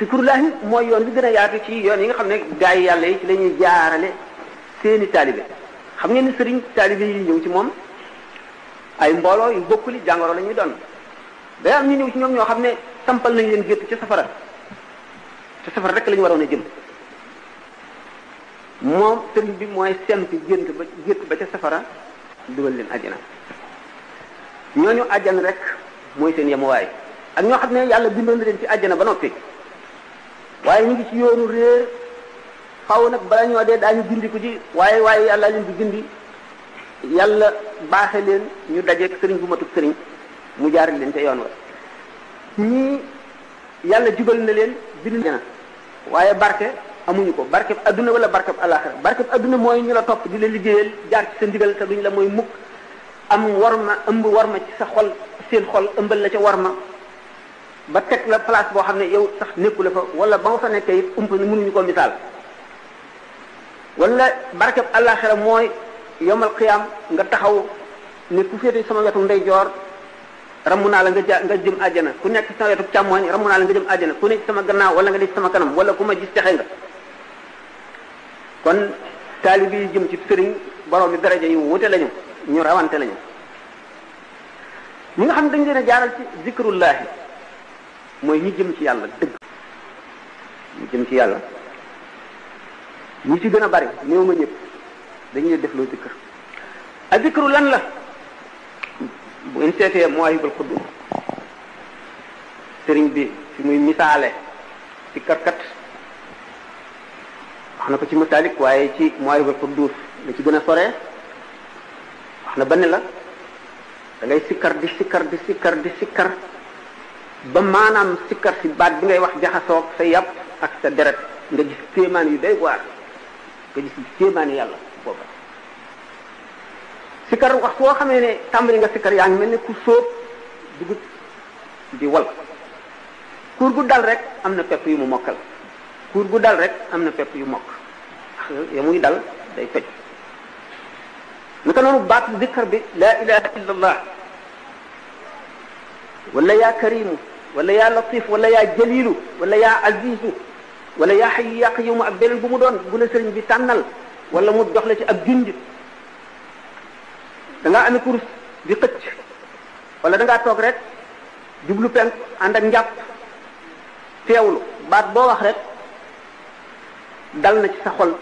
fikrullah moy yoon bi gën yaatu ci yoon yi nga xamne gaay yalla yi ci lañuy jaarale seeni talibé xam ngeen ni sëriñ talibé yi ñew ci mom ay mbolo yu bokku li jangoro lañuy don day am ñu ñew ci ñom ño xamne sampal nañ leen gëtt ci safara ci safara rek lañu warone jëm mom sëriñ bi mooy sempi gént ba gëtt ba ci safara dugal leen ñoo ñu aljana rek moy seen way ak ñoo xamne yalla bindoon leen ci aljana ba nopi waaye ñu ngi ci yoonu réer xaw nag bala ñoo dee daañu gindiku ci waaye waaye yàlla leen di gindi yàlla baaxe leen ñu dajeeg sëriñ bu matub sëriñ mu jaar leen ca yoon wa ñii yàlla jubal na leen bind na waaye barke amuñu ko barkeb adduna wala barkeb alaxira barkeb adduna mooy ñu la topp di la liggéeyal jaar ci sa ndigal te duñ la mooy mukk am war ma ëmb war ma ci sa xol seen xol ëmbal la ca war ma ba teg la place boo xam ne yow sax nekku la fa wala ba ma fa nekkee it ump mënuñu ko misaal wala barkeb àllaaxira mooy yomal xiyaam nga taxaw ne ku féete sama wetu ndeyjoor ramu naa la nga ja nga jëm àjjana ku nekk sama wetu càmmooñ ramu naa la nga jëm àjjana ku nekk sama gannaaw wala nga nekk sama kanam wala ku ma ji texe nga kon taalib jëm ci sëriñ borom bi daraja yu wute lañu ñu rawante lañu ñi nga xam dañ leen a jaaral ci zikrullahi mooy ñi jëm ci yàlla dëgg ñu jëm ci yàlla ñi ci gën a bari néew ma ñëpp dañuy def loo dikkër a dikkaru lan la bu ñu seetee Mawahibul Quddus sëriñ bi fi muy misaale ci katkat wax na ko ci Masaalik waaye ci Mawahibul Quddus la ci gën a soree wax na ba ne la da ngay sikkar di sikkar di sikkar di sikkar ba maanaam sikkar si baat bi ngay wax jaxasoog sa yàpp ak sa deret nga gis kéemaan yu day waar nga gis kéemaani yàlla booba sikkar wax soo xamee ne tàmbali nga sikkar yaa ngi mel ne ku sóob dugub di wal kuur gu dal rek am na pepp yu mu mokkal kuur gu dal rek am na pepp yu mokk ya muy dal day toj naka noonu baat zikkar bi la ilaha illallah wala yaa karimu wala yaa latif wala yaa jalilu wala yaa azizu wala yaa xayu yaa qayumu ak beneen bu mu doon bu la sëriñ bi tànnal wala mu jox la ci ab junj da ngaa amee kurus di xëcc wala da toog rek jublu penk ànd ak njàpp teewlu baat boo wax rek dal na ci sa xol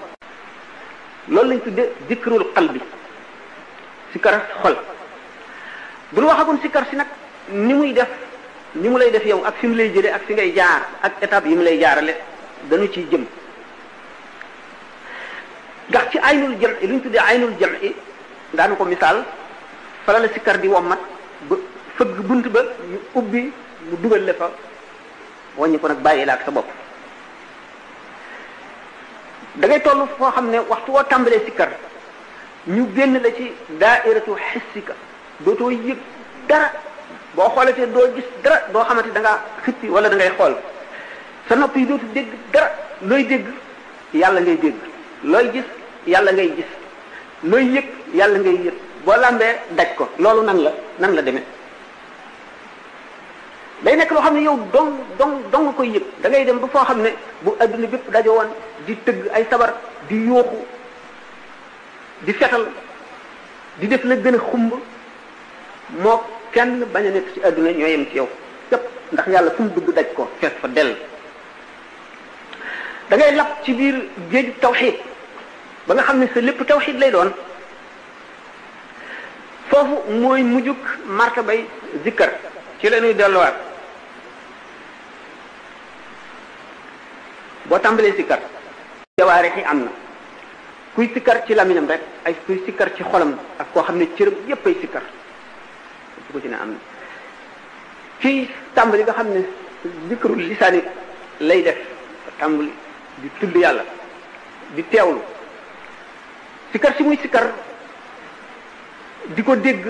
loolu lañ tudde dikrul qalbi sikkar xol bu nu waxagun sikkar si nag ni muy def ni mu lay def yow ak fi mu lay jëlee ak fi ngay jaar ak étape yi mu lay jaarale dañu ciy jëm ndax ci aynul jam i lu ñu tuddee aynul jam i daanu ko misaal fala la sikkar di wommat ba fëgg bunt ba ñu ubbi mu dugal la fa nag bàyyi la ak sa bopp da foo xam ne waxtu woo tàmbalee sikkar ñu génn la ci daairatu xissika dootoo yëg dara boo xoolatee doo gis dara doo xamante da ngaa xippi wala da ngay xool sa nopp yi dootu dégg dara looy dégg yàlla ngay dégg looy gis yàlla ngay gis looy yëg yàlla ngay yëg boo làmbee daj ko loolu nan la nan la demee day nekk loo xam ne yow dong dong dong koy yëg da ngay dem ba foo xam ne bu adduna bépp daje woon di tëgg ay sabar di yooxu di fetal di def la gën a xumb mook kenn bañ a nekk ci àdduna ñoo yem ci yow képp ndax yàlla fu dugg daj ko fees fa dell dangay ngay lap ci biir géeju tawxid ba nga xam ne sa lépp tawxid lay doon foofu mooy mujjug martabay zikkar ci la ñuy delluwaat boo tàmbalee sikkar jawaare yi am na kuy sikkar ci laminam rek ay kuy sikkar ci xolam ak koo xam ne cëram yépp ay sikkar ci ku ci ne am na kii tàmbali nga xam ne zikrul lisaani lay def tàmbali di tudd yàlla di teewlu sikar si muy sikar di ko dégg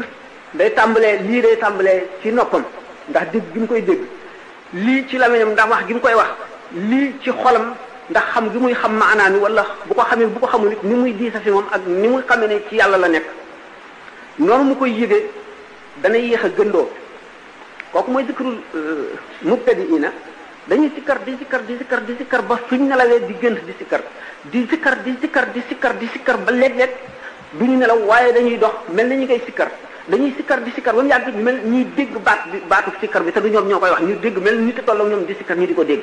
day tàmbalee lii day tàmbalee ci noppam ndax dégg gi mu koy dégg lii ci lamiñam ndax wax gi mu koy wax lii ci xolam ndax xam gi muy xam maanaa mi wala bu ko xamee bu ko xamul ni muy diisa fi moom ak ni muy xamee ne ci yàlla la nekk noonu mu koy yëgee dana yéex a gëndoo kooku mooy zikrul euh, mubtadiina dañuy sikkar di sikkar di sikkar di sikkar ba suñ nelawee di gënt di sikkar di sikkar di sikkar di sikkar di sikkar ba léeg-léeg duñu nelaw waaye dañuy dox mel na ñu koy sikkar dañuy sikkar di sikkar ba mu yàgg mel ñuy dégg baat bi baatu sikkar bi te du ñoom ñoo koy wax ñu dégg mel ni te tolloo ñoom di sikkar ñu di ko dégg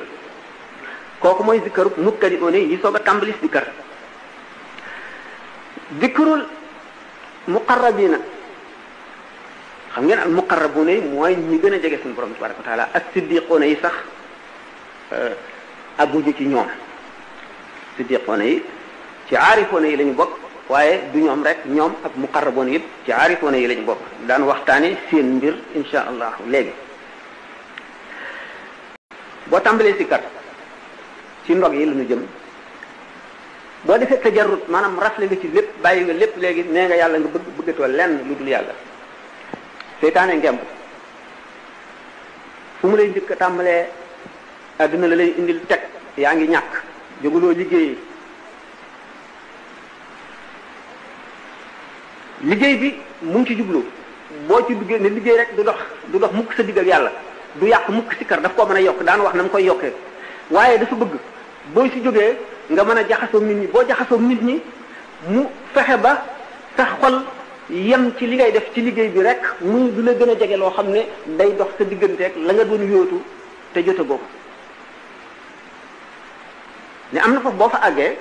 kooku mooy zikkaru mubtadi one yi soog a tàmbali sikkar zikrul muqarrabina xam ngeen ak muqarrabuuna yi mooy ñi gën a jege suñu borom tabaraka wa taala ak siddiqoona yi sax euh, agguñu ci ñoom siddiqoona yi ci aarifoona yi lañu ñu bokk waaye du ñoom rek ñoom ak muqarraboon yëpp ci aarifoona yi lañu ñu bokk daan waxtaane seen mbir insha allah léegi boo tàmbalee si kat ci ndog yi la ñu jëm boo defee tajarrut maanaam rafle nga ci lépp bàyyi nga lépp léegi nee nga yàlla nga bëgg bëggatoo lenn lu dul yàlla seytaane ngemb fu mu lay njëkk tàmbalee adduna la lay indil teg yaa ngi ñàkk jóguloo liggéey liggéey bi mu ngi ci jublu boo ci duggee ne liggéey rek du dox du dox mukk sa digg yàlla du yàq mukk sikkar daf koo mën a yokk daan wax na mu koy yokkee waaye dafa bëgg boo si jógee nga mën a jaxasoo nit ñi boo jaxasoo nit ñi mu fexe ba sa xol yem ci li ngay def ci liggéey bi rek muy du la gën a jege loo xam ne day dox sa digganteeg la nga doon yóotu te jote ko ne am na foofu boo fa àggee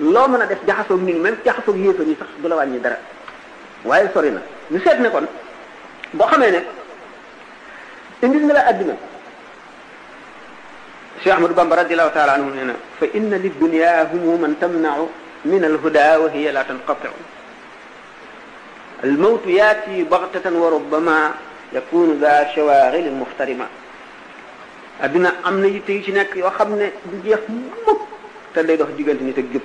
loo mën a def jaxasoog nit ñi même jaxasoog yéefar yi sax du la wàññi dara waaye sori na ñu seet ne kon boo xamee ne indil nga la addina Cheikh Ahmadou Bamba radiallahu taala anhu nee na fa inna lid dunya humuman tamnau min al huda wa hiya la tanqatiu الموت ياتي بغتة وربما يكون ذا شواغل محترمة ادنا امنا يتي شي نيك يو خامن دي جيخ موك تا داي دوخ ديغنت نيتا جيب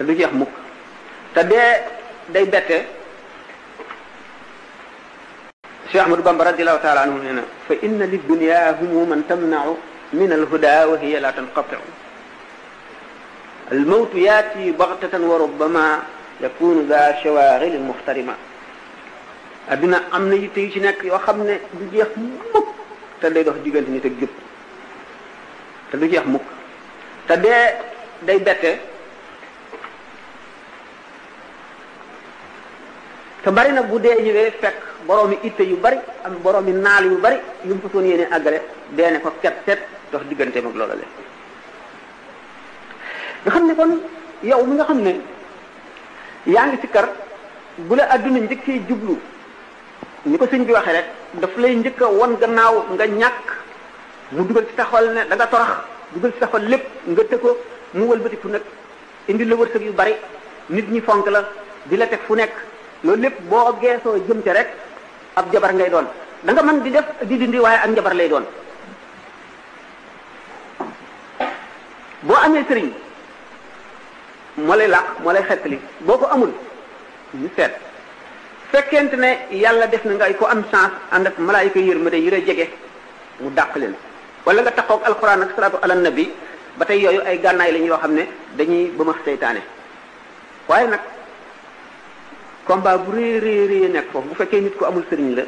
تا جيخ موك تا دي داي بيت احمد بن رضي الله تعالى عنه هنا فان للدنيا هم من تمنع من الهدى وهي لا تنقطع الموت ياتي بغتة وربما يكون ذا شواغل مخترمة أدنا أمن يتيش نك وخمن بجيخ مك تلي دوخ جيغل نيتا جيب تلي جيخ مك تدي داي بيت تباري نك بودي نيوي فك بورومي ايت يو بري ام بورومي نال يو بري يوم فتون يني اغالي دي نكو كيت كيت دوخ جيغنتي مك لولا لي nga xamne kon yow mi nga xamne yaa ngi sikkar bu la adduna njëkkee jublu ni ko sëñ bi waxee rek daf lay njëkk a gannaaw nga ñàkk mu dugal ci taxol ne da nga torax dugal ci taxol lépp nga të ko mu wëlbatiku nag indi la wërsëg yu bari nit ñi fonk la di la teg fu nekk loolu lépp boo geesoo jëm te rek ab jabar ngay doon danga nga di def di dindi waaye am jabar lay doon boo amee sëriñ moo lay làq moo lay xettali boo ko amul ñu seet fekkente ne yàlla def na nga ay ko am chance ànd ak malaayika yërmande yi la jege mu dàq leen wala nga taxaw ak alquran ak salaatu ala nabi ba tey yooyu ay gànnaay lañ yoo xam ne dañuy bëmax seytaane waaye nag combat bu rëy rëy rëy nekk foofu bu fekkee nit ko amul sëriñ la